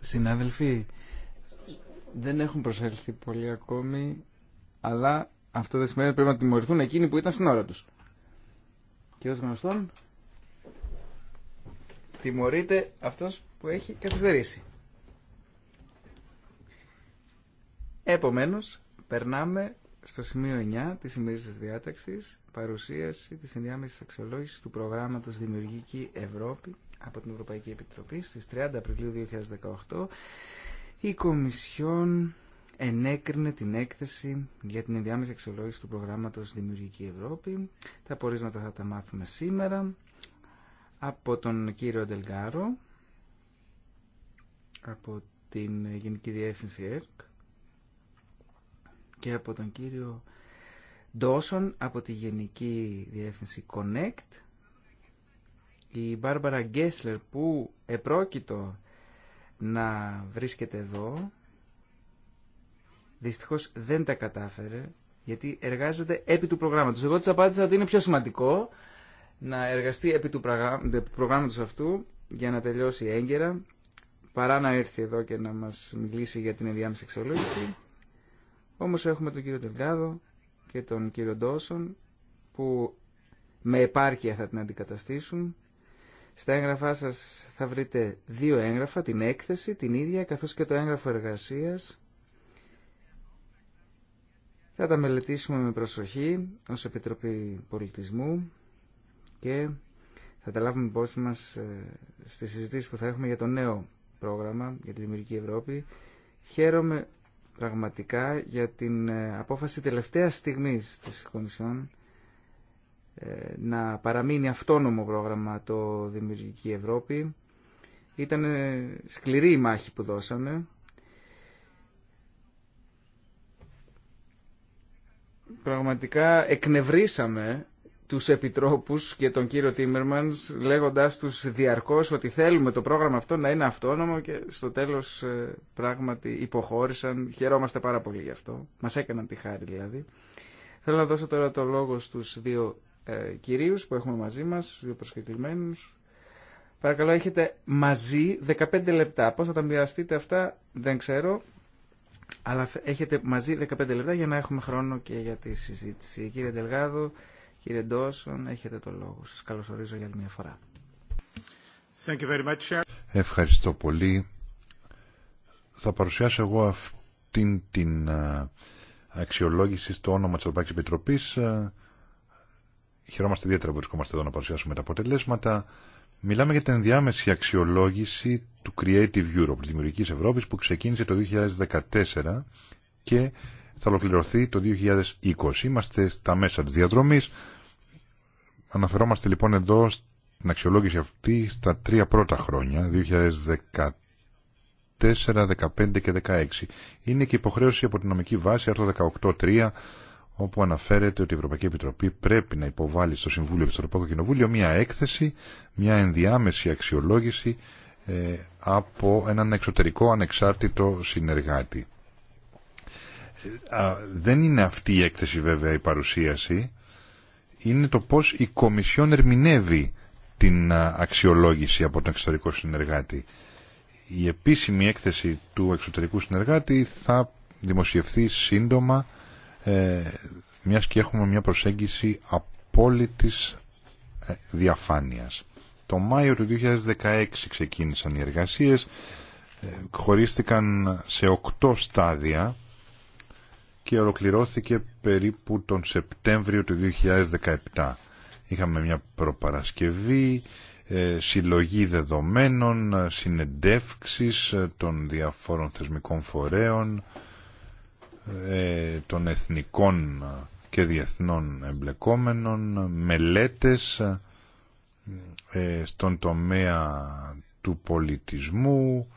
Συναδελφοί, δεν έχουν προσέλθει πολλοί ακόμη, αλλά αυτό δεν σημαίνει πρέπει να τιμωρηθούν εκείνοι που ήταν στην ώρα τους. Και ως γνωστόν, τιμωρείται αυτός που έχει καθυστερήσει. Επομένως, περνάμε στο σημείο 9 της της διάταξης, παρουσίαση της ενδιάμεσης αξιολόγησης του προγράμματος Δημιουργική Ευρώπη από την Ευρωπαϊκή Επιτροπή στις 30 Απριλίου 2018 η Κομισιόν ενέκρινε την έκθεση για την ενδιάμεση αξιολόγηση του προγράμματος Δημιουργική Ευρώπη. Τα πορίσματα θα τα μάθουμε σήμερα από τον κύριο Ντελγκάρο από την Γενική Διεύθυνση ΕΡΚ και από τον κύριο Ντόσον από τη Γενική Διεύθυνση Connect η Μπάρμπαρα Γκέσλερ που επρόκειτο να βρίσκεται εδώ δυστυχώς δεν τα κατάφερε γιατί εργάζεται επί του προγράμματος. Εγώ της απάντησα ότι είναι πιο σημαντικό να εργαστεί επί του προγράμματος αυτού για να τελειώσει έγκαιρα παρά να έρθει εδώ και να μας μιλήσει για την ενδιάμεση εξολόγηση. Όμως έχουμε τον κύριο Τελγάδο και τον κύριο Ντόσον που με επάρκεια θα την αντικαταστήσουν στα έγγραφά σας θα βρείτε δύο έγγραφα, την έκθεση, την ίδια, καθώς και το έγγραφο εργασίας. Θα τα μελετήσουμε με προσοχή ως Επιτροπή Πολιτισμού και θα τα λάβουμε υπόψη μας ε, στις συζητήσεις που θα έχουμε για το νέο πρόγραμμα για τη Δημιουργική Ευρώπη. Χαίρομαι πραγματικά για την ε, απόφαση τελευταίας στιγμής της Κομισιόν ε, να παραμείνει αυτόνομο πρόγραμμα το Δημιουργική Ευρώπη. Ήταν ε, σκληρή η μάχη που δώσαμε. Πραγματικά εκνευρίσαμε τους επιτρόπους και τον κύριο Τίμερμανς λέγοντας τους διαρκώς ότι θέλουμε το πρόγραμμα αυτό να είναι αυτόνομο και στο τέλος ε, πράγματι υποχώρησαν. Χαιρόμαστε πάρα πολύ γι' αυτό. Μας έκαναν τη χάρη δηλαδή. Θέλω να δώσω τώρα το λόγο στους δύο ε, κυρίους που έχουμε μαζί μας, τους δύο προσκεκλημένους. Παρακαλώ, έχετε μαζί 15 λεπτά. Πώς θα τα μοιραστείτε αυτά, δεν ξέρω. Αλλά έχετε μαζί 15 λεπτά για να έχουμε χρόνο και για τη συζήτηση. Κύριε Ντελγάδο, κύριε Ντόσον, έχετε το λόγο. Σας καλωσορίζω για άλλη μια φορά. Thank you very much. Ευχαριστώ πολύ. Θα παρουσιάσω εγώ αυτήν την ε, αξιολόγηση στο όνομα της Ευρωπαϊκής Επιτροπής ε, Χαιρόμαστε ιδιαίτερα που βρισκόμαστε εδώ να παρουσιάσουμε τα αποτελέσματα. Μιλάμε για την διάμεση αξιολόγηση του Creative Europe, της Δημιουργικής Ευρώπης, που ξεκίνησε το 2014 και θα ολοκληρωθεί το 2020. Είμαστε στα μέσα της διαδρομής. Αναφερόμαστε λοιπόν εδώ στην αξιολόγηση αυτή στα τρία πρώτα χρόνια, 2014, 2015 και 2016. Είναι και υποχρέωση από την νομική βάση, άρθρο 18.3, όπου αναφέρεται ότι η Ευρωπαϊκή Επιτροπή πρέπει να υποβάλει στο Συμβούλιο Επιστροπικό Κοινοβούλιο μια έκθεση, μια ενδιάμεση αξιολόγηση ε, από έναν εξωτερικό ανεξάρτητο συνεργάτη. Ε, δεν είναι αυτή η έκθεση βέβαια η παρουσίαση, είναι το πώς η Κομισιόν ερμηνεύει την αξιολόγηση από τον εξωτερικό συνεργάτη. Η επίσημη έκθεση του εξωτερικού συνεργάτη θα δημοσιευθεί σύντομα ε, μιας και έχουμε μια προσέγγιση απόλυτης ε, διαφάνειας. Το Μάιο του 2016 ξεκίνησαν οι εργασίες, ε, χωρίστηκαν σε οκτώ στάδια και ολοκληρώθηκε περίπου τον Σεπτέμβριο του 2017. Είχαμε μια προπαρασκευή, ε, συλλογή δεδομένων, συνεντεύξεις των διαφόρων θεσμικών φορέων, ε, των εθνικών και διεθνών εμπλεκόμενων, μελέτες ε, στον τομέα του πολιτισμού.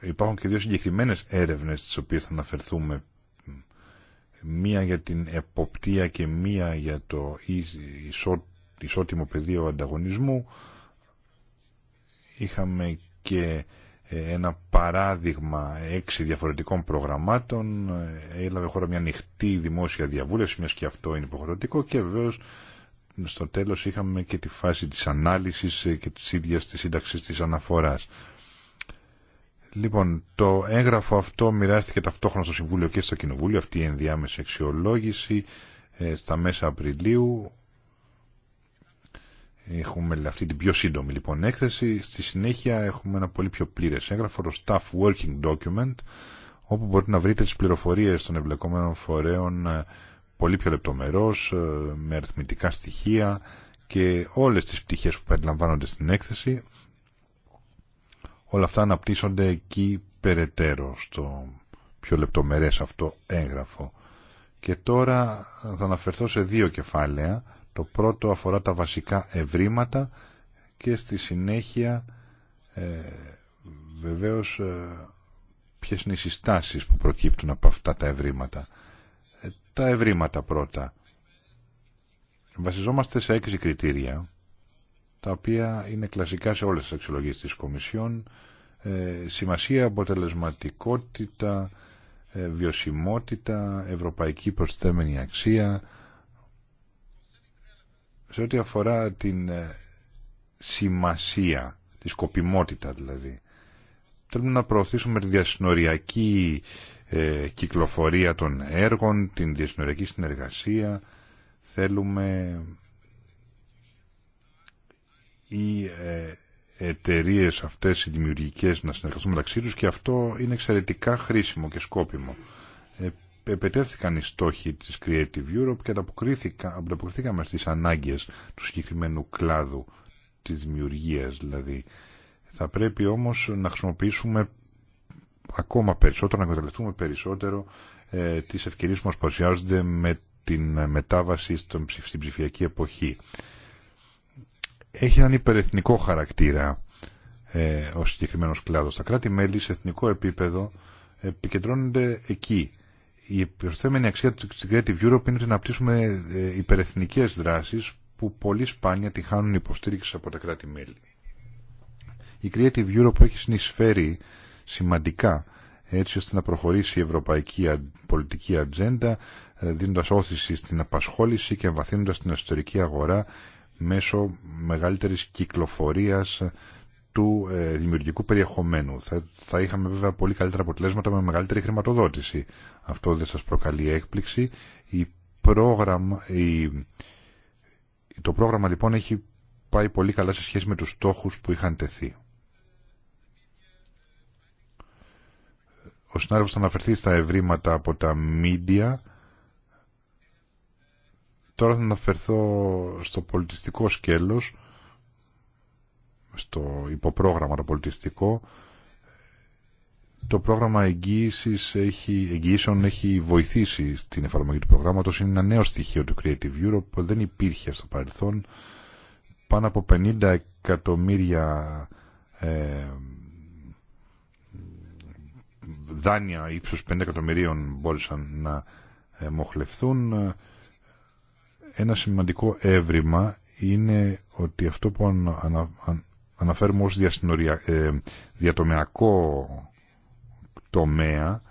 Υπάρχουν και δύο συγκεκριμένες έρευνες στις οποίες θα αναφερθούμε. Μία για την εποπτεία και μία για το ισότιμο πεδίο ανταγωνισμού. Είχαμε και ένα παράδειγμα έξι διαφορετικών προγραμμάτων. Έλαβε χώρα μια ανοιχτή δημόσια διαβούλευση, μιας και αυτό είναι υποχρεωτικό και βεβαίως στο τέλος είχαμε και τη φάση της ανάλυσης και της ίδιας της σύνταξης της αναφοράς. Λοιπόν, το έγγραφο αυτό μοιράστηκε ταυτόχρονα στο Συμβούλιο και στο Κοινοβούλιο, αυτή η ενδιάμεση αξιολόγηση ε, στα μέσα Απριλίου. Έχουμε αυτή την πιο σύντομη λοιπόν έκθεση. Στη συνέχεια έχουμε ένα πολύ πιο πλήρες έγγραφο, το Staff Working Document, όπου μπορείτε να βρείτε τις πληροφορίες των εμπλεκόμενων φορέων ε, πολύ πιο λεπτομερώς, ε, με αριθμητικά στοιχεία και όλες τις πτυχές που περιλαμβάνονται στην έκθεση. Όλα αυτά αναπτύσσονται εκεί περαιτέρω στο πιο λεπτομερές αυτό έγγραφο. Και τώρα θα αναφερθώ σε δύο κεφάλαια το πρώτο αφορά τα βασικά ευρήματα και στη συνέχεια ε, βεβαίως ε, ποιες είναι οι συστάσεις που προκύπτουν από αυτά τα ευρήματα. Ε, τα ευρήματα πρώτα. Βασιζόμαστε σε έξι κριτήρια τα οποία είναι κλασικά σε όλες τις αξιολογίες της Κομισιόν ε, σημασία, αποτελεσματικότητα, ε, βιωσιμότητα, ευρωπαϊκή προσθέμενη αξία, σε ό,τι αφορά την ε, σημασία, τη σκοπιμότητα δηλαδή. Θέλουμε να προωθήσουμε τη διασυνοριακή ε, κυκλοφορία των έργων, την διασυνοριακή συνεργασία. Θέλουμε οι ε, εταιρείε αυτές οι δημιουργικές να συνεργαστούν μεταξύ τους και αυτό είναι εξαιρετικά χρήσιμο και σκόπιμο. Ε, επετέθηκαν οι στόχοι της Creative Europe και ανταποκριθήκαμε στις ανάγκες του συγκεκριμένου κλάδου της δημιουργίας δηλαδή. Θα πρέπει όμως να χρησιμοποιήσουμε ακόμα περισσότερο, να εκμεταλλευτούμε περισσότερο ε, τις ευκαιρίες που μας παρουσιάζονται με την μετάβαση στην ψηφιακή εποχή. Έχει έναν υπερεθνικό χαρακτήρα ε, ο συγκεκριμένο κλάδος. Τα κράτη-μέλη σε εθνικό επίπεδο επικεντρώνονται εκεί η προσθέμενη αξία του Creative Europe είναι ότι να πτήσουμε ε, υπερεθνικές δράσεις που πολύ σπάνια τη χάνουν υποστήριξη από τα κράτη-μέλη. Η Creative Europe έχει συνεισφέρει σημαντικά έτσι ώστε να προχωρήσει η ευρωπαϊκή πολιτική ατζέντα ε, δίνοντας όθηση στην απασχόληση και εμβαθύνοντας την εσωτερική αγορά μέσω μεγαλύτερης κυκλοφορίας του ε, δημιουργικού περιεχομένου. Θα, θα είχαμε βέβαια πολύ καλύτερα αποτελέσματα με μεγαλύτερη χρηματοδότηση. Αυτό δεν σας προκαλεί έκπληξη. Η πρόγραμμα, η... Το πρόγραμμα λοιπόν έχει πάει πολύ καλά σε σχέση με τους στόχους που είχαν τεθεί. Ο συνάδελφος θα αναφερθεί στα ευρήματα από τα μίντια. Τώρα θα αναφερθώ στο πολιτιστικό σκέλος, στο υποπρόγραμμα το πολιτιστικό το πρόγραμμα έχει, εγγύησεων έχει βοηθήσει στην εφαρμογή του προγράμματος. Είναι ένα νέο στοιχείο του Creative Europe που δεν υπήρχε στο παρελθόν. Πάνω από 50 εκατομμύρια ε, δάνεια ύψους 5 εκατομμυρίων μπόρεσαν να ε, μοχλευθούν. Ένα σημαντικό έβριμα είναι ότι αυτό που αναφέρουμε ως ε, διατομιακό τομέα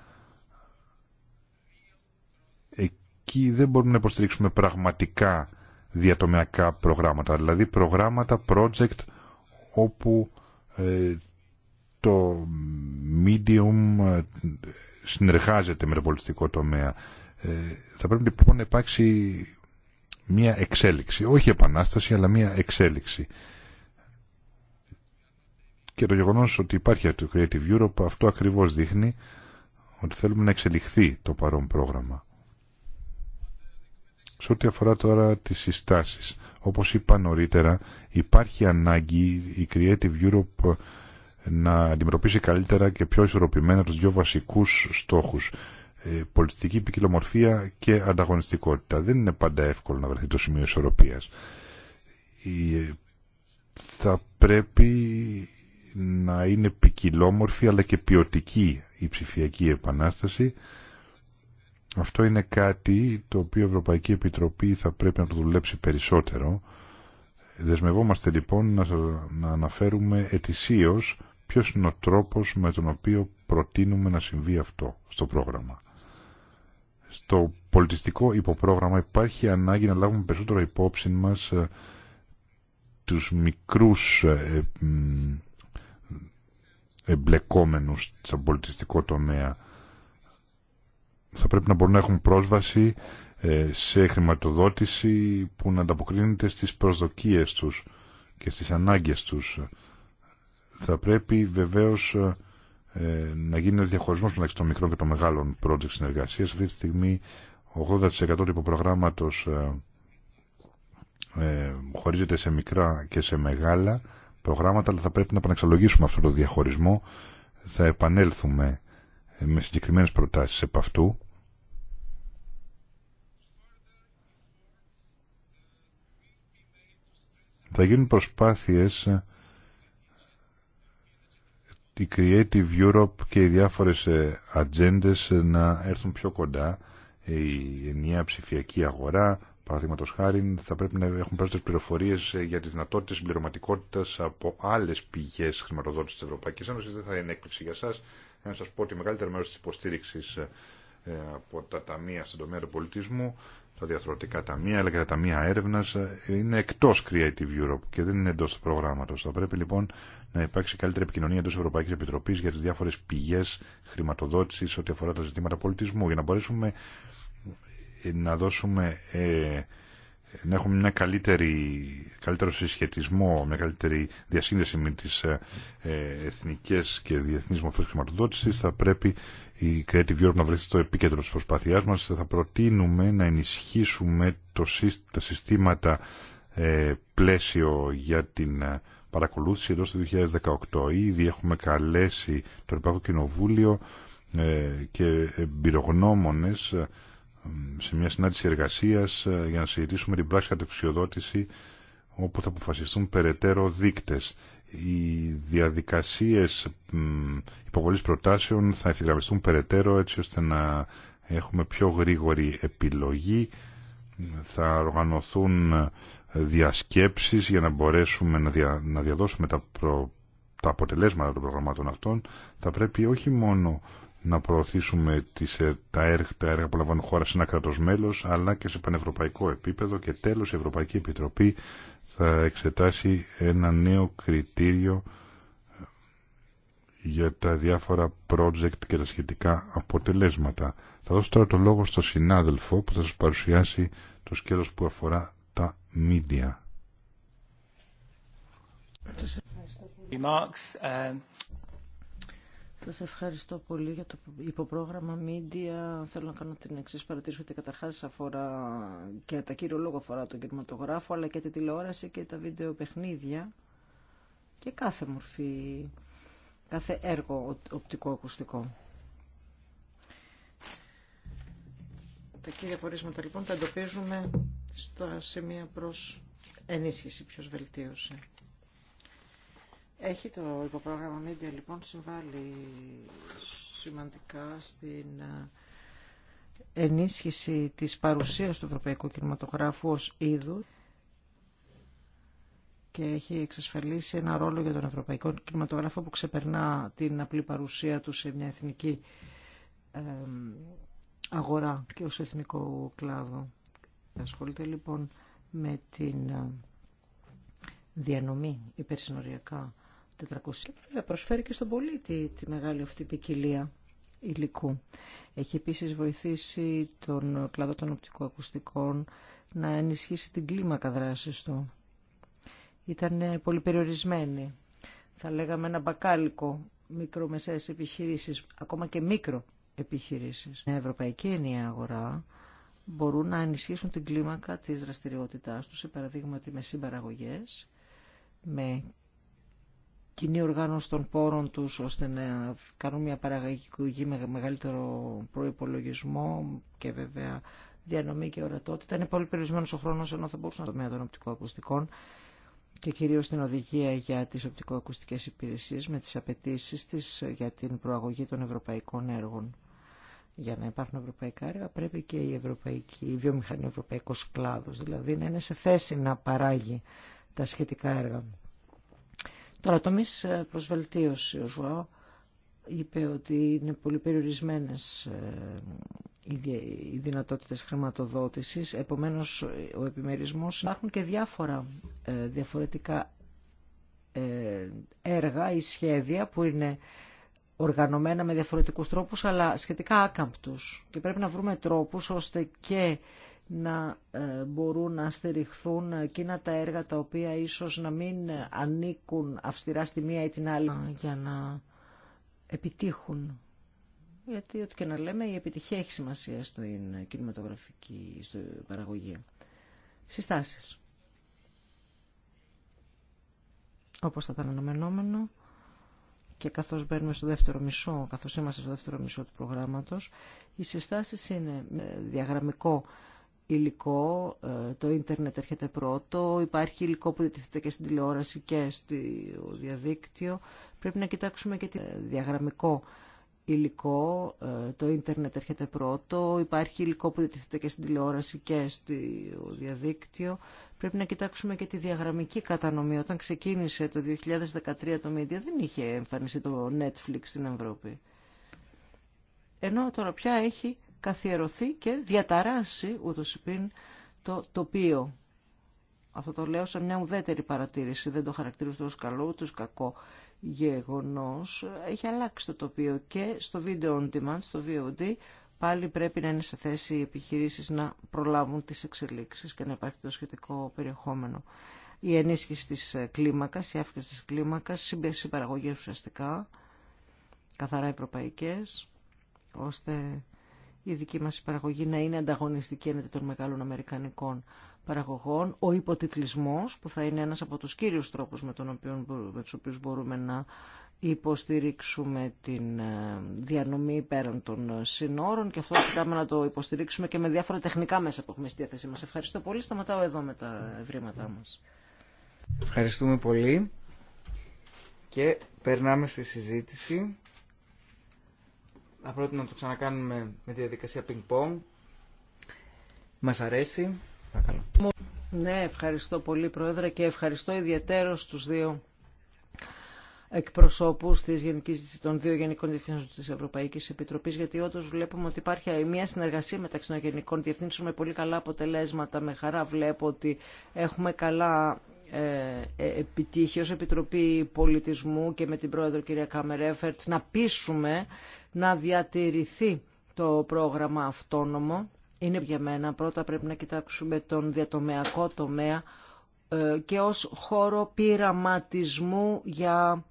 εκεί δεν μπορούμε να υποστηρίξουμε πραγματικά διατομιακά προγράμματα, δηλαδή προγράμματα, project όπου ε, το medium ε, συνεργάζεται με το πολιτιστικό τομέα. Ε, θα πρέπει λοιπόν να υπάρξει μια εξέλιξη, όχι επανάσταση αλλά μια εξέλιξη και το γεγονό ότι υπάρχει το Creative Europe αυτό ακριβώ δείχνει ότι θέλουμε να εξελιχθεί το παρόν πρόγραμμα. Σε ό,τι αφορά τώρα τι συστάσεις, Όπω είπα νωρίτερα, υπάρχει ανάγκη η Creative Europe να αντιμετωπίσει καλύτερα και πιο ισορροπημένα του δύο βασικού στόχου. Ε, πολιτιστική ποικιλομορφία και ανταγωνιστικότητα. Δεν είναι πάντα εύκολο να βρεθεί το σημείο ισορροπία. Ε, θα πρέπει να είναι ποικιλόμορφη αλλά και ποιοτική η ψηφιακή επανάσταση. Αυτό είναι κάτι το οποίο η Ευρωπαϊκή Επιτροπή θα πρέπει να το δουλέψει περισσότερο. Δεσμευόμαστε λοιπόν να, να αναφέρουμε ετησίως ποιος είναι ο τρόπος με τον οποίο προτείνουμε να συμβεί αυτό στο πρόγραμμα. Στο πολιτιστικό υποπρόγραμμα υπάρχει ανάγκη να λάβουμε περισσότερο υπόψη μας ε, τους μικρούς ε, εμπλεκόμενους στον πολιτιστικό τομέα. Θα πρέπει να μπορούν να έχουν πρόσβαση ε, σε χρηματοδότηση που να ανταποκρίνεται στις προσδοκίες τους και στις ανάγκες τους. Θα πρέπει βεβαίως ε, να γίνει ένα διαχωρισμός μεταξύ των μικρών και των μεγάλων project συνεργασίες. Αυτή τη στιγμή 80% του υποπρογράμματος ε, ε, χωρίζεται σε μικρά και σε μεγάλα προγράμματα, αλλά θα πρέπει να επαναξαλογίσουμε αυτό το διαχωρισμό. Θα επανέλθουμε ε, με συγκεκριμένες προτάσεις επ' αυτού. Θα γίνουν προσπάθειες η ε, Creative Europe και οι διάφορες ε, ατζέντε να έρθουν πιο κοντά η ενιαία ψηφιακή αγορά Παραδείγματο χάρη, θα πρέπει να έχουν περισσότερε πληροφορίε ε, για τι δυνατότητε συμπληρωματικότητα από άλλε πηγέ χρηματοδότηση τη Ευρωπαϊκή Ένωση. Δεν θα είναι έκπληξη για εσά να σα πω ότι μεγαλύτερο μέρο τη υποστήριξη ε, ε, από τα ταμεία στον τομέα του πολιτισμού, τα διαθροτικά ταμεία αλλά και τα ταμεία έρευνα, είναι εκτό Creative Europe και δεν είναι εντό του προγράμματο. Θα πρέπει λοιπόν να υπάρξει καλύτερη επικοινωνία εντό Ευρωπαϊκή Επιτροπή για τι διάφορε πηγέ χρηματοδότηση ό,τι αφορά τα ζητήματα πολιτισμού, για να μπορέσουμε ε, να δώσουμε ε, να έχουμε ένα καλύτερο συσχετισμό, μια καλύτερη διασύνδεση με τις ε, ε, εθνικές και διεθνείς μορφές χρηματοδότησης, θα πρέπει η Creative Europe να βρεθεί στο επίκεντρο της προσπάθειάς μας. Θα προτείνουμε να ενισχύσουμε το, τα συστήματα ε, πλαίσιο για την ε, παρακολούθηση εδώ στο 2018. Ήδη έχουμε καλέσει το Ευρωπαϊκό Κοινοβούλιο ε, και εμπειρογνώμονες σε μια συνάντηση εργασία ε, για να συζητήσουμε την πράξη κατεξιοδότηση όπου θα αποφασιστούν περαιτέρω δείκτε. Οι διαδικασίες υποβολή προτάσεων θα ευθυγραμμιστούν περαιτέρω έτσι ώστε να έχουμε πιο γρήγορη επιλογή. Θα οργανωθούν διασκέψεις για να μπορέσουμε να, διαδώσουμε τα, τα αποτελέσματα των προγραμμάτων αυτών. Θα πρέπει όχι μόνο να προωθήσουμε τις, ε, τα, έργα, που λαμβάνουν χώρα σε ένα κράτος μέλος, αλλά και σε πανευρωπαϊκό επίπεδο και τέλος η Ευρωπαϊκή Επιτροπή θα εξετάσει ένα νέο κριτήριο ε, για τα διάφορα project και τα σχετικά αποτελέσματα. Θα δώσω τώρα το λόγο στο συνάδελφο που θα σας παρουσιάσει το σκέλος που αφορά τα media. Um, σε ευχαριστώ πολύ για το υποπρόγραμμα Media. Θέλω να κάνω την εξή παρατήρηση ότι καταρχάς αφορά και τα κύριο λόγο αφορά τον κινηματογράφο αλλά και τη τηλεόραση και τα βίντεο παιχνίδια και κάθε μορφή, κάθε έργο οπτικό-ακουστικό. Τα κύρια πορίσματα λοιπόν τα εντοπίζουμε στα σημεία προς ενίσχυση, ποιος βελτίωσε. Έχει το υποπρόγραμμα Media λοιπόν συμβάλλει σημαντικά στην ε, ενίσχυση της παρουσίας του Ευρωπαϊκού Κινηματογράφου ως είδου και έχει εξασφαλίσει ένα ρόλο για τον Ευρωπαϊκό Κινηματογράφο που ξεπερνά την απλή παρουσία του σε μια εθνική ε, αγορά και ως εθνικό κλάδο. Ασχολείται λοιπόν με την ε, διανομή υπερσυνοριακά 400. Βέβαια προσφέρει και στον πολίτη τη μεγάλη αυτή ποικιλία υλικού. Έχει επίσης βοηθήσει τον κλάδο των οπτικοακουστικών να ενισχύσει την κλίμακα δράσης του. Ήταν πολύ περιορισμένη. Θα λέγαμε ένα μπακάλικο μικρομεσαίες επιχειρήσεις, ακόμα και μικρο επιχειρήσεις. Η ευρωπαϊκή ενιαία αγορά μπορούν να ενισχύσουν την κλίμακα της δραστηριότητάς τους, σε παραδείγματι με συμπαραγωγές, με κοινή οργάνωση των πόρων τους ώστε να κάνουν μια παραγωγική με μεγαλύτερο προϋπολογισμό και βέβαια διανομή και ορατότητα. Είναι πολύ περιορισμένο ο χρόνος ενώ θα μπορούσαν να τομέα των οπτικοακουστικών και κυρίως την οδηγία για τις οπτικοακουστικές υπηρεσίες με τις απαιτήσει της για την προαγωγή των ευρωπαϊκών έργων. Για να υπάρχουν ευρωπαϊκά έργα πρέπει και η, ευρωπαϊκή, βιομηχανία ευρωπαϊκός κλάδος, δηλαδή να είναι σε θέση να παράγει τα σχετικά έργα. Τώρα, το ε, προ βελτίωση. Ο Ζωάο είπε ότι είναι πολύ περιορισμένε ε, οι δυνατότητε χρηματοδότηση. Επομένω, ο επιμερισμό. Υπάρχουν και διάφορα ε, διαφορετικά έργα ή σχέδια που είναι οργανωμένα με διαφορετικούς τρόπους αλλά σχετικά άκαμπτους και πρέπει να βρούμε τρόπους ώστε και να ε, μπορούν να στηριχθούν εκείνα τα έργα τα οποία ίσως να μην ανήκουν αυστηρά στη μία ή την άλλη για να επιτύχουν. Γιατί ό,τι και να λέμε η επιτυχία έχει σημασία στην κινηματογραφική παραγωγή. Συστάσεις. Όπως θα ήταν αναμενόμενο και καθώς μπαίνουμε στο δεύτερο μισό, καθώς είμαστε στο δεύτερο μισό του προγράμματος, οι συστάσεις είναι ε, διαγραμμικό υλικό, ε, το ίντερνετ έρχεται πρώτο, υπάρχει υλικό που διατηρείται και στην τηλεόραση και στο διαδίκτυο. Πρέπει να κοιτάξουμε και τη ε, διαγραμμικό υλικό, ε, το ίντερνετ έρχεται πρώτο, υπάρχει υλικό που διατηρείται και στην τηλεόραση και στο διαδίκτυο. Πρέπει να κοιτάξουμε και τη διαγραμμική κατανομή. Όταν ξεκίνησε το 2013 το Media δεν είχε εμφανιστεί το Netflix στην Ευρώπη. Ενώ τώρα πια έχει καθιερωθεί και διαταράσει ούτως υπήν το τοπίο. Αυτό το λέω σε μια ουδέτερη παρατήρηση, δεν το χαρακτηρίζω ως καλό ούτε κακό γεγονός. Έχει αλλάξει το τοπίο και στο βίντεο on demand, στο VOD, πάλι πρέπει να είναι σε θέση οι επιχειρήσεις να προλάβουν τις εξελίξεις και να υπάρχει το σχετικό περιεχόμενο. Η ενίσχυση της κλίμακας, η αύξηση της κλίμακας, σύμπεση παραγωγής ουσιαστικά, καθαρά ευρωπαϊκές, ώστε η δική μας παραγωγή να είναι ανταγωνιστική έναντι των μεγάλων αμερικανικών παραγωγών. Ο υποτιτλισμός που θα είναι ένας από τους κύριους τρόπους με, τον οποίο, με τους οποίους μπορούμε να υποστηρίξουμε την ε, διανομή πέραν των ε, συνόρων και αυτό κοιτάμε να το υποστηρίξουμε και με διάφορα τεχνικά μέσα που έχουμε στη διάθεσή μας. Ευχαριστώ πολύ. Σταματάω εδώ με τα ευρήματά μας. Ευχαριστούμε πολύ και περνάμε στη συζήτηση θα πρότεινα να το ξανακάνουμε με τη διαδικασία ping-pong. Μας αρέσει. Ναι, ευχαριστώ πολύ Πρόεδρε και ευχαριστώ ιδιαίτερο στους δύο εκπροσώπους των δύο Γενικών Διευθύνσεων της Ευρωπαϊκής Επιτροπής, γιατί όντω βλέπουμε ότι υπάρχει μια συνεργασία μεταξύ των Γενικών Διευθύνσεων με πολύ καλά αποτελέσματα. Με χαρά βλέπω ότι έχουμε καλά ε, ε, επιτύχει ως Επιτροπή Πολιτισμού και με την Πρόεδρο κυρία Καμερέφερτ να πείσουμε να διατηρηθεί το πρόγραμμα αυτόνομο. Είναι για μένα πρώτα πρέπει να κοιτάξουμε τον διατομεακό τομέα ε, και ως χώρο πειραματισμού για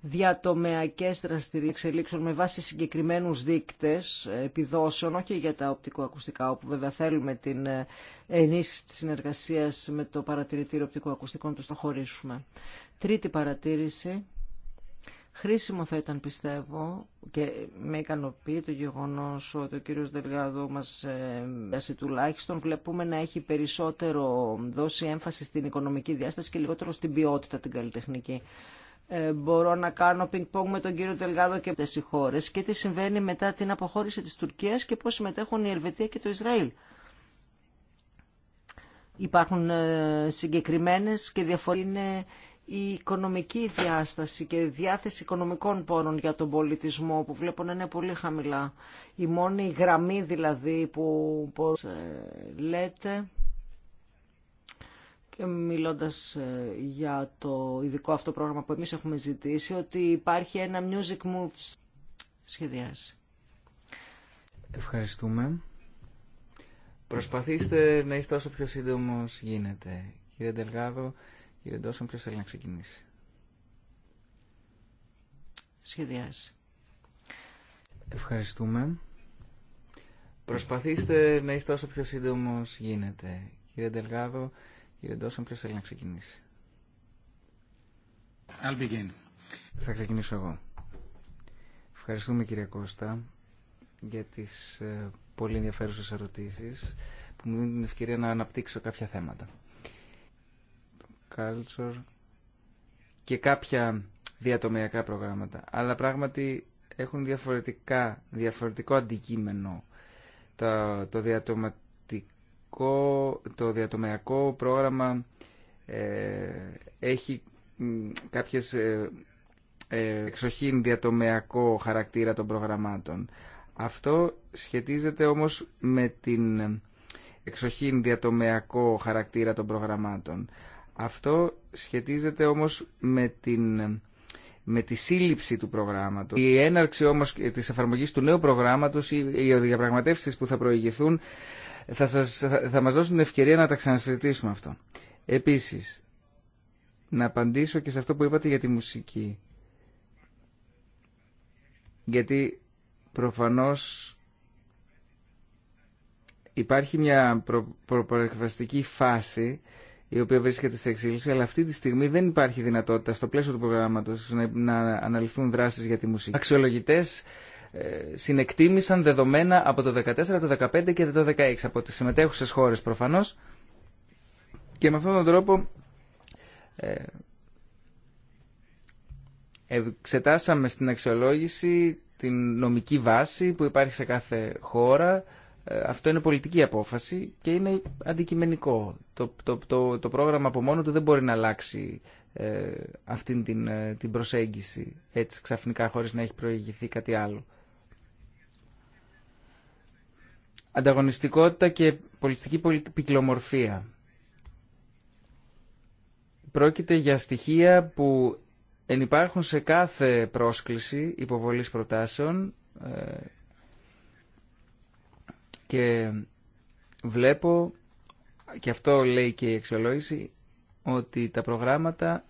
διατομεακές δραστηριότητες εξελίξεων με βάση συγκεκριμένους δείκτες επιδόσεων, όχι για τα οπτικοακουστικά, όπου βέβαια θέλουμε την ε, ενίσχυση της συνεργασίας με το παρατηρητήριο οπτικοακουστικών, το στοχωρήσουμε. Τρίτη παρατήρηση. Χρήσιμο θα ήταν, πιστεύω, και με ικανοποιεί το γεγονός ότι ο κύριος Δελγάδο μας ε, τουλάχιστον βλέπουμε να έχει περισσότερο δώσει έμφαση στην οικονομική διάσταση και λιγότερο στην ποιότητα την καλλιτεχνική. Ε, μπορώ να κάνω πινκ-πονγκ με τον κύριο Τελγάδο και τις χώρε. και τι συμβαίνει μετά την αποχώρηση της Τουρκίας και πώς συμμετέχουν η Ελβετία και το Ισραήλ. Υπάρχουν ε, συγκεκριμένε και διαφορετικέ. είναι η οικονομική διάσταση και η διάθεση οικονομικών πόρων για τον πολιτισμό που βλέπω να είναι πολύ χαμηλά. Η μόνη γραμμή δηλαδή που ε, λέτε και μιλώντας ε, για το ειδικό αυτό πρόγραμμα που εμείς έχουμε ζητήσει, ότι υπάρχει ένα Music Moves σχεδιάσει. Ευχαριστούμε. Προσπαθήστε να είστε όσο πιο σύντομος γίνεται. Κύριε Ντελγάδο, κύριε Ντόσον, ποιος θέλει να ξεκινήσει. Σχεδιάσει. Ευχαριστούμε. Προσπαθήστε να είστε όσο πιο σύντομος γίνεται. Κύριε Ντελγάδο, Κύριε Ντόσον, ποιος θέλει να ξεκινήσει. begin. Θα ξεκινήσω εγώ. Ευχαριστούμε κύριε Κώστα για τις ε, πολύ ενδιαφέρουσες ερωτήσεις που μου δίνουν την ευκαιρία να αναπτύξω κάποια θέματα. Culture και κάποια διατομιακά προγράμματα. Αλλά πράγματι έχουν διαφορετικά, διαφορετικό αντικείμενο το, το το διατομεακό πρόγραμμα ε, έχει κάποιες ε, ε, εξοχήν διατομεακό χαρακτήρα των προγραμμάτων. Αυτό σχετίζεται όμως με την εξοχήν διατομεακό χαρακτήρα των προγραμμάτων. Αυτό σχετίζεται όμως με την με τη σύλληψη του προγράμματος. Η έναρξη όμως της εφαρμογής του νέου προγράμματος, οι διαπραγματεύσεις που θα προηγηθούν θα, σας, θα μας δώσουν ευκαιρία να τα ξανασυζητήσουμε αυτό. Επίσης, να απαντήσω και σε αυτό που είπατε για τη μουσική. Γιατί προφανώς υπάρχει μια προ, φάση η οποία βρίσκεται σε εξήλυση αλλά αυτή τη στιγμή δεν υπάρχει δυνατότητα στο πλαίσιο του προγράμματος να, να αναλυθούν δράσεις για τη μουσική. Αξιολογητές ε, συνεκτίμησαν δεδομένα από το 2014, το 2015 και το 2016 από τις συμμετέχουσες χώρες προφανώς και με αυτόν τον τρόπο ε, εξετάσαμε στην αξιολόγηση την νομική βάση που υπάρχει σε κάθε χώρα. Ε, αυτό είναι πολιτική απόφαση και είναι αντικειμενικό. Το, το, το, πρόγραμμα από μόνο του δεν μπορεί να αλλάξει ε, αυτήν την, την προσέγγιση έτσι ξαφνικά χωρίς να έχει προηγηθεί κάτι άλλο. ανταγωνιστικότητα και πολιτιστική πυκλομορφία. Πρόκειται για στοιχεία που ενυπάρχουν σε κάθε πρόσκληση υποβολής προτάσεων ε, και βλέπω, και αυτό λέει και η εξολόγηση, ότι τα προγράμματα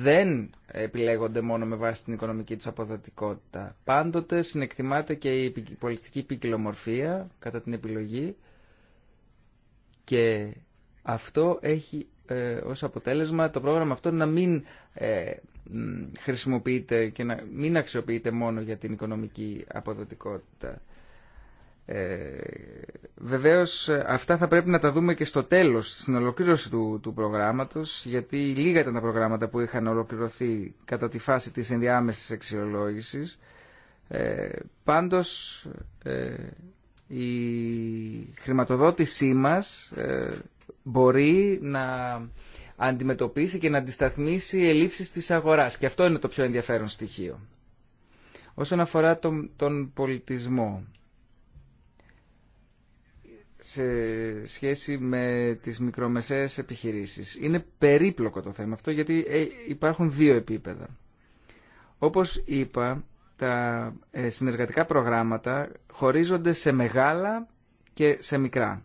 δεν επιλέγονται μόνο με βάση την οικονομική τους αποδοτικότητα. Πάντοτε συνεκτιμάται και η πολιτική ποικιλομορφία κατά την επιλογή και αυτό έχει ε, ως αποτέλεσμα το πρόγραμμα αυτό να μην ε, χρησιμοποιείται και να μην αξιοποιείται μόνο για την οικονομική αποδοτικότητα. Ε, Βεβαίω αυτά θα πρέπει να τα δούμε και στο τέλος, στην ολοκλήρωση του, του προγράμματος, γιατί λίγα ήταν τα προγράμματα που είχαν ολοκληρωθεί κατά τη φάση της ενδιάμεσης αξιολόγηση. Ε, πάντως ε, η χρηματοδότησή μας ε, μπορεί να αντιμετωπίσει και να αντισταθμίσει ελήψει της αγοράς και αυτό είναι το πιο ενδιαφέρον στοιχείο. Όσον αφορά τον πολιτισμό, σε σχέση με τις μικρομεσαίες επιχειρήσεις. Είναι περίπλοκο το θέμα αυτό γιατί ε, υπάρχουν δύο επίπεδα. Όπως είπα, τα ε, συνεργατικά προγράμματα χωρίζονται σε μεγάλα και σε μικρά.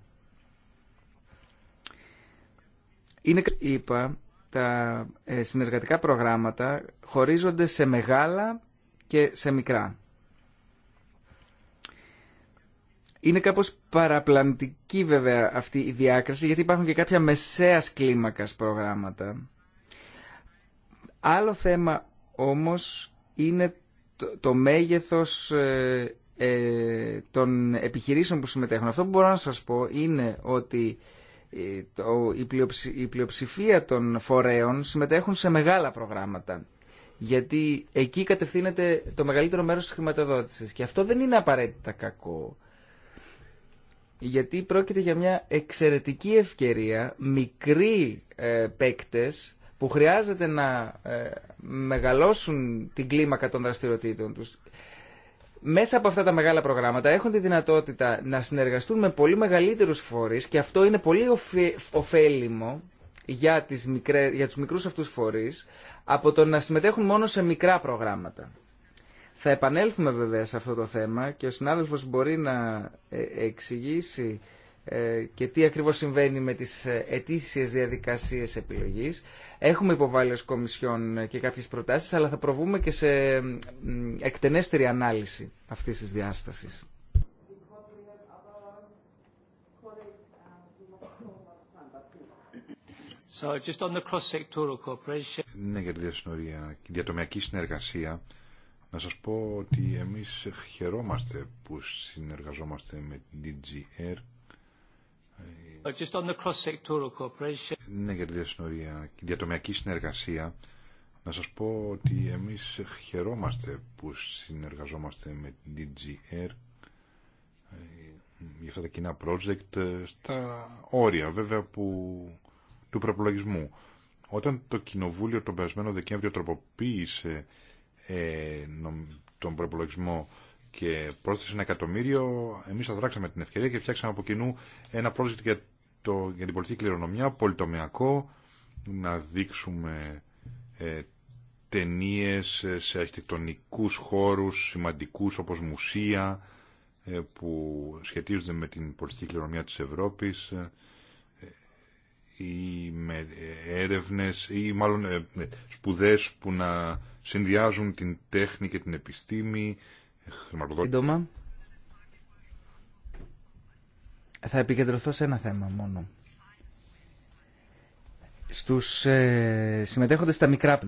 Είναι, είπα, τα ε, συνεργατικά προγράμματα χωρίζονται σε μεγάλα και σε μικρά. Είναι κάπως παραπλανητική βέβαια αυτή η διάκριση γιατί υπάρχουν και κάποια μεσαίας κλίμακας προγράμματα. Άλλο θέμα όμως είναι το, το μέγεθος ε, ε των επιχειρήσεων που συμμετέχουν. Αυτό που μπορώ να σας πω είναι ότι ε, η πλειοψηφία των φορέων συμμετέχουν σε μεγάλα προγράμματα. Γιατί εκεί κατευθύνεται το μεγαλύτερο μέρος της χρηματοδότησης. Και αυτό δεν είναι απαραίτητα κακό γιατί πρόκειται για μια εξαιρετική ευκαιρία μικροί ε, που χρειάζεται να ε, μεγαλώσουν την κλίμακα των δραστηριοτήτων τους. Μέσα από αυτά τα μεγάλα προγράμματα έχουν τη δυνατότητα να συνεργαστούν με πολύ μεγαλύτερους φορείς και αυτό είναι πολύ ωφέλιμο για, τις μικρές, για τους μικρούς αυτούς φορείς από το να συμμετέχουν μόνο σε μικρά προγράμματα. Θα επανέλθουμε βέβαια σε αυτό το θέμα και ο συνάδελφος μπορεί να ε, εξηγήσει ε, και τι ακριβώς συμβαίνει με τις ε, ετήσιες διαδικασίες επιλογής. Έχουμε υποβάλει ως Κομισιόν και κάποιες προτάσεις, αλλά θα προβούμε και σε εκτενέστερη ανάλυση αυτής της διάστασης. ναι, τη διατομιακή συνεργασία να σας πω ότι εμείς χαιρόμαστε που συνεργαζόμαστε με την DGR. Uh, ναι, για τη διατομιακή συνεργασία. Να σας πω ότι εμείς χαιρόμαστε που συνεργαζόμαστε με την DGR ε, για αυτά τα κοινά project ε, στα όρια βέβαια που, του προπολογισμού. Όταν το Κοινοβούλιο τον περασμένο Δεκέμβριο τροποποίησε ε, τον προπολογισμό και πρόσθεσε ένα εκατομμύριο, Εμεί θα δράξαμε την ευκαιρία και φτιάξαμε από κοινού ένα project για, την πολιτική κληρονομιά, πολυτομιακό, να δείξουμε ε, ταινίε σε αρχιτεκτονικού χώρου, σημαντικού όπω μουσεία ε, που σχετίζονται με την πολιτική κληρονομιά της Ευρώπης. Ε, ή με έρευνες ή μάλλον ε, σπουδές που να συνδυάζουν την τέχνη και την επιστήμη. Ε, Σύντομα, θα επικεντρωθώ σε ένα θέμα μόνο. Στους ε, συμμετέχοντες στα μικρά,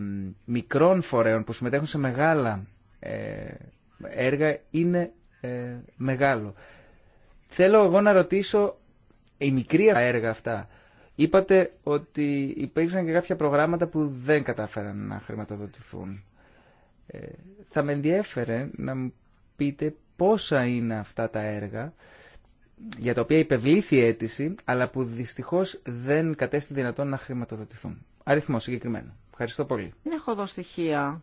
μικρών φορέων που συμμετέχουν σε μεγάλα ε, έργα είναι μεγάλο. Θέλω εγώ να ρωτήσω, οι μικρία έργα αυτά, Είπατε ότι υπήρξαν και κάποια προγράμματα που δεν κατάφεραν να χρηματοδοτηθούν. Ε, θα με ενδιέφερε να μου πείτε πόσα είναι αυτά τα έργα για τα οποία υπευλήθη η αίτηση, αλλά που δυστυχώς δεν κατέστη δυνατόν να χρηματοδοτηθούν. Αριθμό συγκεκριμένο. Ευχαριστώ πολύ. Δεν έχω εδώ στοιχεία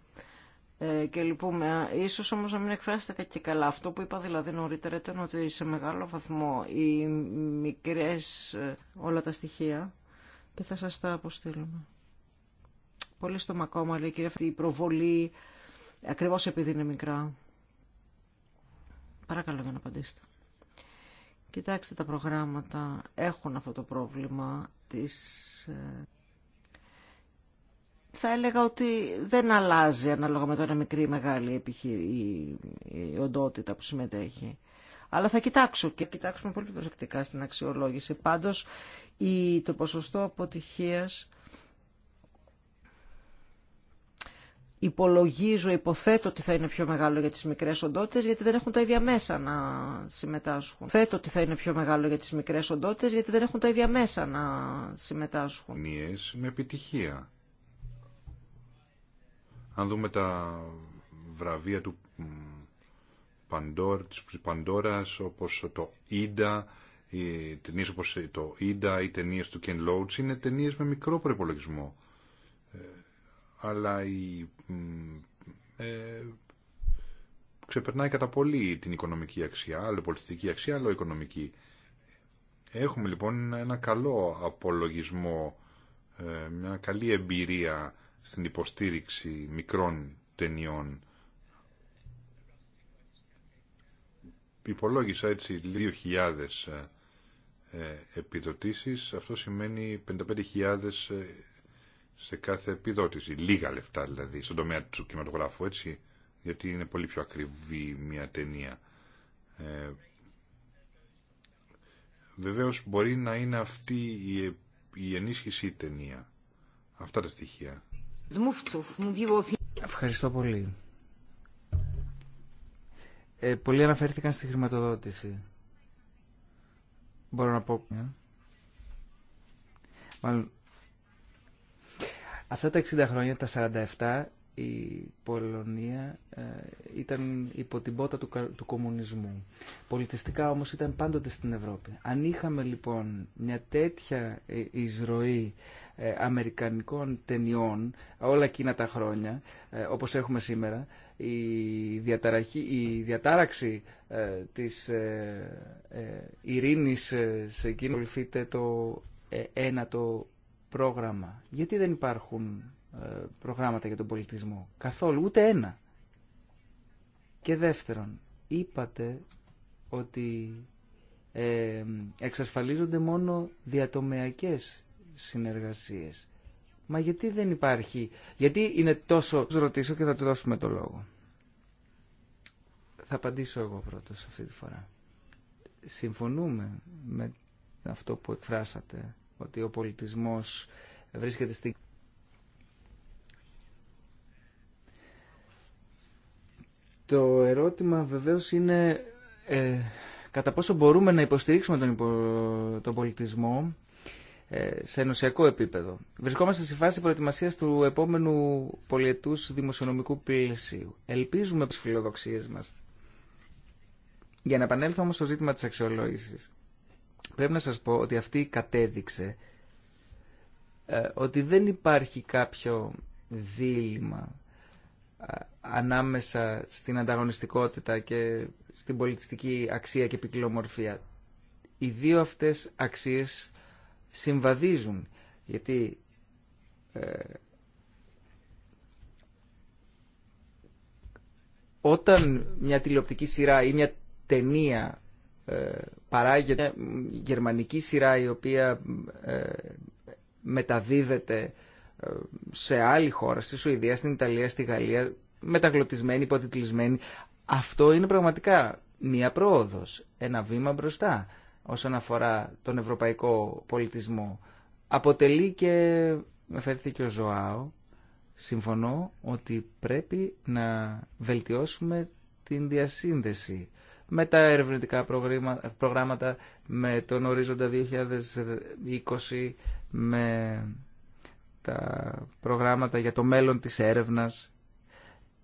ε, και λυπούμε. Ίσως όμως να μην εκφράσετε και καλά. Αυτό που είπα δηλαδή νωρίτερα ήταν ότι σε μεγάλο βαθμό οι μικρές ε, όλα τα στοιχεία και θα σας τα αποστείλουμε. Πολύ στο λέει κύριε αυτή η προβολή ακριβώς επειδή είναι μικρά. Παρακαλώ για να απαντήσετε. Κοιτάξτε τα προγράμματα έχουν αυτό το πρόβλημα της ε, θα έλεγα ότι δεν αλλάζει ανάλογα με το ένα μικρή ή μεγάλη επιχείρη, η οντότητα που συμμετέχει. Αλλά θα κοιτάξω και κοιτάξουμε πολύ προσεκτικά στην αξιολόγηση. Πάντως η, το ποσοστό αποτυχίας υπολογίζω, υποθέτω ότι θα είναι πιο μεγάλο για τις μικρές οντότητες γιατί δεν έχουν τα ίδια μέσα να συμμετάσχουν. Θέτω ότι θα είναι πιο μεγάλο για τις μικρές οντότητες γιατί δεν έχουν τα ίδια μέσα να συμμετάσχουν. με επιτυχία αν δούμε τα βραβεία του παντόρα, της Παντόρας, όπως το Ίντα, οι ταινίες όπως το Ίντα, οι ταινίες του Ken Loach, είναι ταινίες με μικρό προπολογισμό. Ε, αλλά η, ε, ξεπερνάει κατά πολύ την οικονομική αξία, άλλο πολιτιστική αξία, άλλο οικονομική. Έχουμε λοιπόν ένα καλό απολογισμό, ε, μια καλή εμπειρία στην υποστήριξη μικρών ταινιών. Υπολόγισα έτσι 2.000 ε, ε, επιδοτήσεις, αυτό σημαίνει 55.000 ε, σε κάθε επιδότηση. Λίγα λεφτά δηλαδή, στον τομέα του κινηματογράφου, έτσι, γιατί είναι πολύ πιο ακριβή μια ταινία. Ε, βεβαίως μπορεί να είναι αυτή η, η ενίσχυση ταινία. Αυτά τα στοιχεία. Ευχαριστώ πολύ. Ε, πολλοί αναφέρθηκαν στη χρηματοδότηση. Μπορώ να πω... Αυτά τα 60 χρόνια, τα 47, η Πολωνία ε, ήταν υπό την πότα του, του κομμουνισμού. Πολιτιστικά όμως ήταν πάντοτε στην Ευρώπη. Αν είχαμε λοιπόν μια τέτοια ε, εισρωή ε, αμερικανικών ταινιών όλα εκείνα τα χρόνια, ε, όπως έχουμε σήμερα, η, διαταραχή, η διατάραξη ε, της ε, ε, ειρήνης σε εκείνο ένα το ένατο πρόγραμμα. Γιατί δεν υπάρχουν προγράμματα για τον πολιτισμό. Καθόλου, ούτε ένα. Και δεύτερον, είπατε ότι εξασφαλίζονται μόνο διατομεακές συνεργασίες. Μα γιατί δεν υπάρχει, γιατί είναι τόσο... Θα ρωτήσω και θα του δώσουμε το λόγο. Θα απαντήσω εγώ πρώτος αυτή τη φορά. Συμφωνούμε με αυτό που εκφράσατε, ότι ο πολιτισμός βρίσκεται στην... Το ερώτημα βεβαίως είναι ε, κατά πόσο μπορούμε να υποστηρίξουμε τον, υπο... τον πολιτισμό ε, σε ενωσιακό επίπεδο. Βρισκόμαστε στη φάση προετοιμασία του επόμενου πολιετού δημοσιονομικού πλαισίου. Ελπίζουμε τι φιλοδοξίε μας. Για να επανέλθω όμω στο ζήτημα της αξιολόγηση, Πρέπει να σας πω ότι αυτή κατέδειξε ε, ότι δεν υπάρχει κάποιο δίλημα ε, ανάμεσα στην ανταγωνιστικότητα και στην πολιτιστική αξία και ποικιλομορφία. Οι δύο αυτές αξίες συμβαδίζουν γιατί ε, όταν μια τηλεοπτική σειρά ή μια ταινία ε, παράγεται μια γερμανική σειρά η οποία παραγεται γερμανικη σειρα η οποια μεταδιδεται ε, σε άλλη χώρα, στη Σουηδία, στην Ιταλία, στη Γαλλία, μεταγλωτισμένη, υποτιτλισμένη. Αυτό είναι πραγματικά μία πρόοδος, ένα βήμα μπροστά όσον αφορά τον ευρωπαϊκό πολιτισμό. Αποτελεί και, με φέρθηκε ο Ζωάο, συμφωνώ ότι πρέπει να βελτιώσουμε την διασύνδεση με τα ερευνητικά προγράμματα, με τον ορίζοντα 2020, με τα προγράμματα για το μέλλον της έρευνας.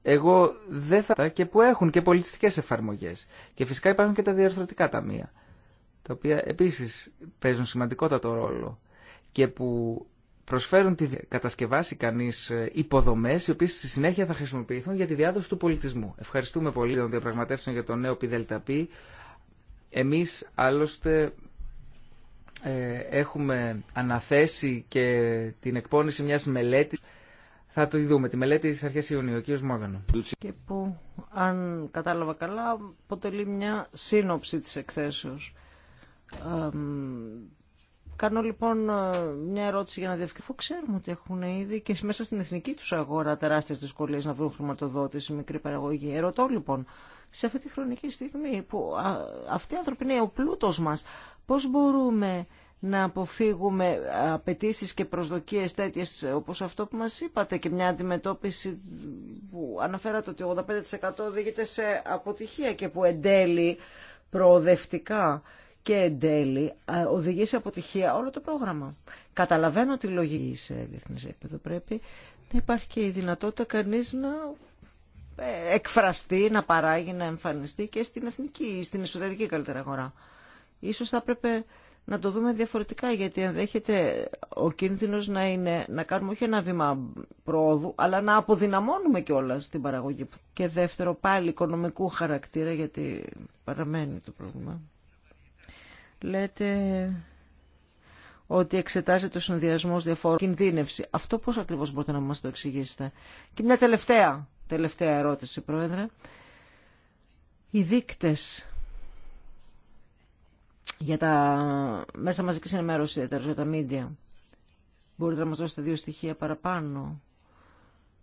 Εγώ δεν θα... και που έχουν και πολιτιστικές εφαρμογές. Και φυσικά υπάρχουν και τα διαρθρωτικά ταμεία τα οποία επίσης παίζουν σημαντικότατο ρόλο και που προσφέρουν τη κατασκευάσει κανείς ε, υποδομές οι οποίες στη συνέχεια θα χρησιμοποιηθούν για τη διάδοση του πολιτισμού. Ευχαριστούμε πολύ τον διαπραγματεύσεων για το νέο ΠΙΔΕΛΤΑΠΗ. Εμείς άλλωστε ε, έχουμε αναθέσει και την εκπόνηση μιας μελέτης θα το δούμε. Τη μελέτη στις αρχές Ιουνίου, ο κ. Και που, αν κατάλαβα καλά, αποτελεί μια σύνοψη της εκθέσεως. Κάνω λοιπόν ε, μια ερώτηση για να διευκρινίσω. Ξέρουμε ότι έχουν ήδη και μέσα στην εθνική του αγορά τεράστιε δυσκολίε να βρουν χρηματοδότηση, μικρή παραγωγή. Ερωτώ λοιπόν, σε αυτή τη χρονική στιγμή που αυτοί οι άνθρωποι είναι ο πλούτο μα, πώ μπορούμε να αποφύγουμε απαιτήσει και προσδοκίε τέτοιε όπω αυτό που μα είπατε και μια αντιμετώπιση που αναφέρατε ότι 85% οδηγείται σε αποτυχία και που εν τέλει προοδευτικά και εν τέλει οδηγεί σε αποτυχία όλο το πρόγραμμα. Καταλαβαίνω τη λογική σε διεθνή επίπεδο πρέπει να υπάρχει και η δυνατότητα κανεί να ε, εκφραστεί, να παράγει, να εμφανιστεί και στην εθνική, στην εσωτερική καλύτερα αγορά. Ίσως θα έπρεπε να το δούμε διαφορετικά γιατί ενδέχεται ο κίνδυνος να είναι να κάνουμε όχι ένα βήμα πρόοδου αλλά να αποδυναμώνουμε κιόλα την παραγωγή και δεύτερο πάλι οικονομικού χαρακτήρα γιατί παραμένει το πρόβλημα λέτε ότι εξετάζεται ο συνδυασμό διαφόρων κινδύνευση. Αυτό πώς ακριβώς μπορείτε να μας το εξηγήσετε. Και μια τελευταία, τελευταία ερώτηση, Πρόεδρε. Οι δείκτες για τα μέσα μαζική ενημέρωση για τα media, Μπορείτε να μας δώσετε δύο στοιχεία παραπάνω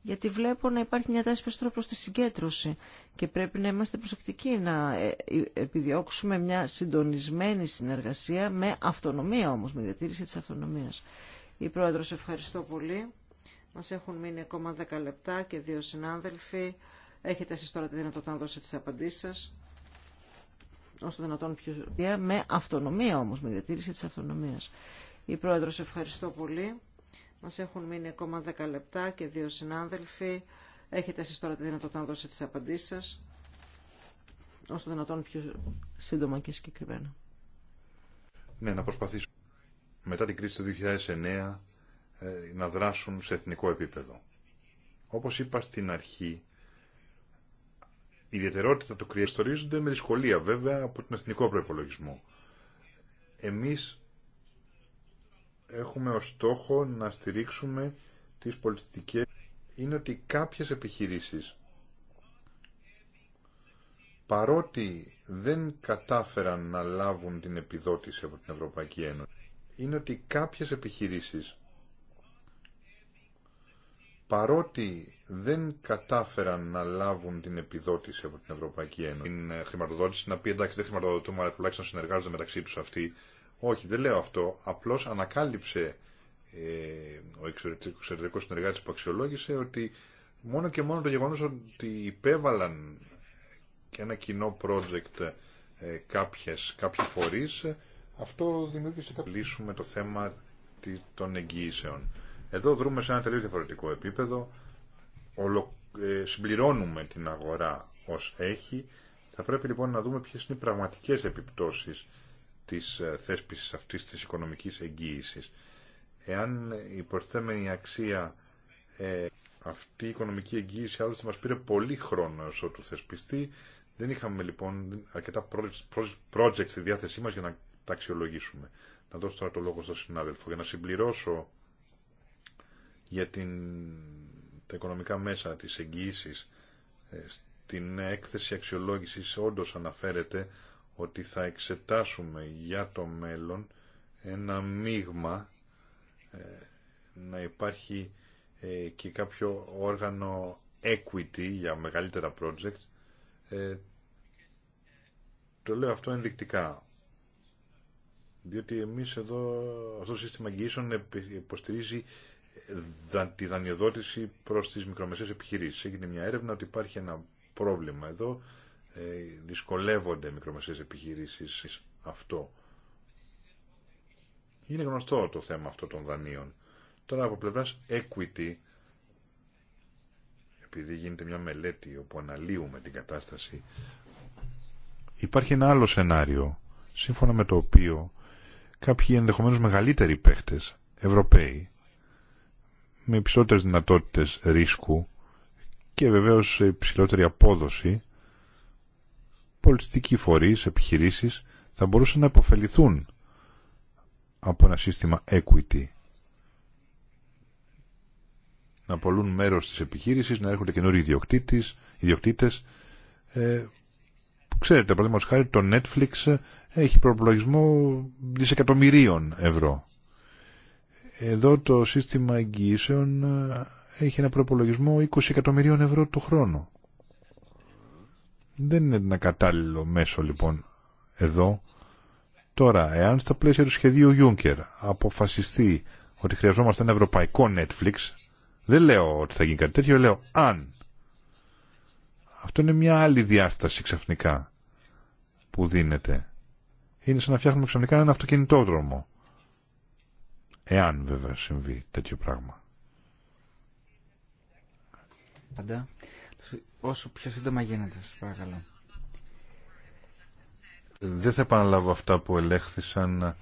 γιατί βλέπω να υπάρχει μια τάση περισσότερο προς τη συγκέντρωση και πρέπει να είμαστε προσεκτικοί να ε, ε, επιδιώξουμε μια συντονισμένη συνεργασία με αυτονομία όμως, με διατήρηση της αυτονομίας. Η Πρόεδρος, ευχαριστώ πολύ. Μας έχουν μείνει ακόμα 10 λεπτά και δύο συνάδελφοι. Έχετε εσείς τώρα τη δυνατότητα να δώσετε τις απαντήσεις σας όσο δυνατόν πιο με αυτονομία όμως, με διατήρηση της αυτονομίας. Η Πρόεδρος, ευχαριστώ πολύ. Μας έχουν μείνει ακόμα 10 λεπτά και δύο συνάδελφοι. Έχετε εσείς τώρα τη δυνατότητα να δώσετε τις απαντήσεις σας, όσο δυνατόν πιο σύντομα και συγκεκριμένα. Ναι, να προσπαθήσω μετά την κρίση του 2009 ε, να δράσουν σε εθνικό επίπεδο. Όπως είπα στην αρχή, η ιδιαιτερότητα του κρύου με δυσκολία βέβαια από τον εθνικό προπολογισμό. Εμείς έχουμε ως στόχο να στηρίξουμε τις πολιτιστικές είναι ότι κάποιες επιχειρήσεις παρότι δεν κατάφεραν να λάβουν την επιδότηση από την Ευρωπαϊκή Ένωση είναι ότι κάποιες επιχειρήσεις παρότι δεν κατάφεραν να λάβουν την επιδότηση από την Ευρωπαϊκή Ένωση την χρηματοδότηση να πει εντάξει δεν χρηματοδοτούμε αλλά τουλάχιστον συνεργάζονται μεταξύ τους αυτοί όχι, δεν λέω αυτό. Απλώς ανακάλυψε ε, ο εξωτερικός συνεργάτης που αξιολόγησε ότι μόνο και μόνο το γεγονός ότι υπέβαλαν και ένα κοινό project ε, κάποιες, αυτό δημιούργησε κάποια λύσουμε το θέμα των εγγύησεων. Εδώ δρούμε σε ένα τελείως διαφορετικό επίπεδο, Ολο, ε, συμπληρώνουμε την αγορά ως έχει, θα πρέπει λοιπόν να δούμε ποιες είναι οι πραγματικές επιπτώσεις της ε, θέσπισης αυτής της οικονομικής εγγύησης. Εάν η αξία ε, αυτή η οικονομική εγγύηση άλλωστε μας πήρε πολύ χρόνο όσο του θεσπιστεί, δεν είχαμε λοιπόν αρκετά project στη διάθεσή μας για να τα αξιολογήσουμε. Να δώσω τώρα το λόγο στον συνάδελφο για να συμπληρώσω για την, τα οικονομικά μέσα της εγγύησης ε, στην έκθεση αξιολόγησης όντως αναφέρεται ότι θα εξετάσουμε για το μέλλον ένα μείγμα ε, να υπάρχει ε, και κάποιο όργανο equity για μεγαλύτερα project ε, το λέω αυτό ενδεικτικά διότι εμείς εδώ αυτό το σύστημα εγγυήσεων υποστηρίζει τη δανειοδότηση προς τις μικρομεσαίες επιχειρήσεις έγινε μια έρευνα ότι υπάρχει ένα πρόβλημα εδώ ε, δυσκολεύονται μικρομεσαίες επιχειρήσεις αυτό. Είναι γνωστό το θέμα αυτό των δανείων. Τώρα από πλευράς equity, επειδή γίνεται μια μελέτη όπου αναλύουμε την κατάσταση, υπάρχει ένα άλλο σενάριο, σύμφωνα με το οποίο κάποιοι ενδεχομένως μεγαλύτεροι παίχτες, Ευρωπαίοι, με υψηλότερες δυνατότητες ρίσκου και βεβαίως υψηλότερη απόδοση, πολιτιστικοί φορείς, επιχειρήσεις θα μπορούσαν να αποφεληθούν από ένα σύστημα equity. Να πολλούν μέρος της επιχείρησης, να έρχονται καινούριοι ιδιοκτήτες. Ε, ξέρετε, π.χ. χάρη, το Netflix έχει προπολογισμό δισεκατομμυρίων ευρώ. Εδώ το σύστημα εγγυήσεων έχει ένα προπολογισμό 20 εκατομμυρίων ευρώ το χρόνο. Δεν είναι ένα κατάλληλο μέσο λοιπόν εδώ. Τώρα, εάν στα πλαίσια του σχεδίου Juncker αποφασιστεί ότι χρειαζόμαστε ένα ευρωπαϊκό Netflix, δεν λέω ότι θα γίνει κάτι τέτοιο, λέω αν. Αυτό είναι μια άλλη διάσταση ξαφνικά που δίνεται. Είναι σαν να φτιάχνουμε ξαφνικά ένα αυτοκινητόδρομο. Εάν βέβαια συμβεί τέτοιο πράγμα. Πάντα όσο πιο σύντομα γίνεται. Σας παρακαλώ. Δεν θα επαναλάβω αυτά που ελέγχθησαν.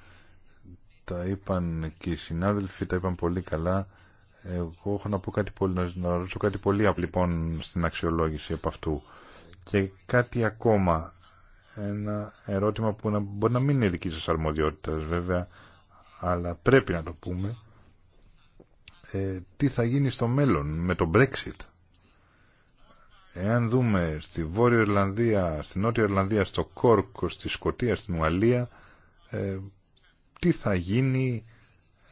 Τα είπαν και οι συνάδελφοι, τα είπαν πολύ καλά. Εγώ έχω να πω κάτι πολύ, να ρωτήσω κάτι πολύ απ, λοιπόν στην αξιολόγηση από αυτού. Και κάτι ακόμα, ένα ερώτημα που μπορεί να μην είναι δική σας αρμοδιότητας βέβαια, αλλά πρέπει να το πούμε. Ε, τι θα γίνει στο μέλλον με το Brexit. Εάν δούμε στη Βόρεια Ιρλανδία, στη Νότια Ιρλανδία, στο Κόρκο, στη Σκοτία, στην Ουαλία, ε, τι θα γίνει,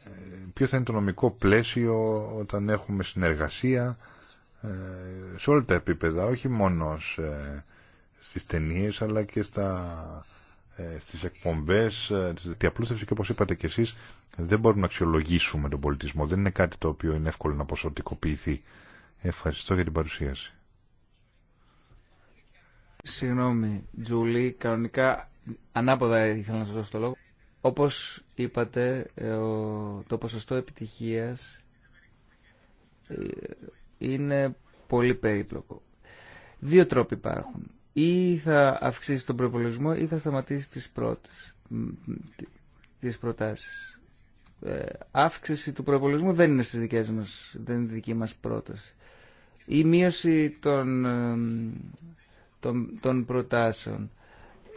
ε, ποιο θα είναι το νομικό πλαίσιο όταν έχουμε συνεργασία ε, σε όλα τα επίπεδα, όχι μόνο στις ταινίε, αλλά και στα, στις εκπομπές, τη απλούστευση και όπως είπατε και εσείς, δεν μπορούμε να αξιολογήσουμε τον πολιτισμό. Δεν είναι κάτι το οποίο είναι εύκολο να ποσοτικοποιηθεί. Ευχαριστώ για την παρουσίαση. Συγγνώμη, Τζούλη, κανονικά ανάποδα ήθελα να σας δώσω το λόγο. Όπως είπατε, ε, το ποσοστό επιτυχίας ε, είναι πολύ περίπλοκο. Δύο τρόποι υπάρχουν. Ή θα αυξήσει τον προπολογισμό ή θα σταματήσει τις πρώτες, τις προτάσεις. Ε, αύξηση του προπολογισμού δεν είναι στις δικές μας, δεν είναι δική μας πρόταση. Η μείωση των των, των προτάσεων.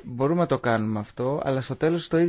Μπορούμε να το κάνουμε αυτό, αλλά στο τέλος το ίδιο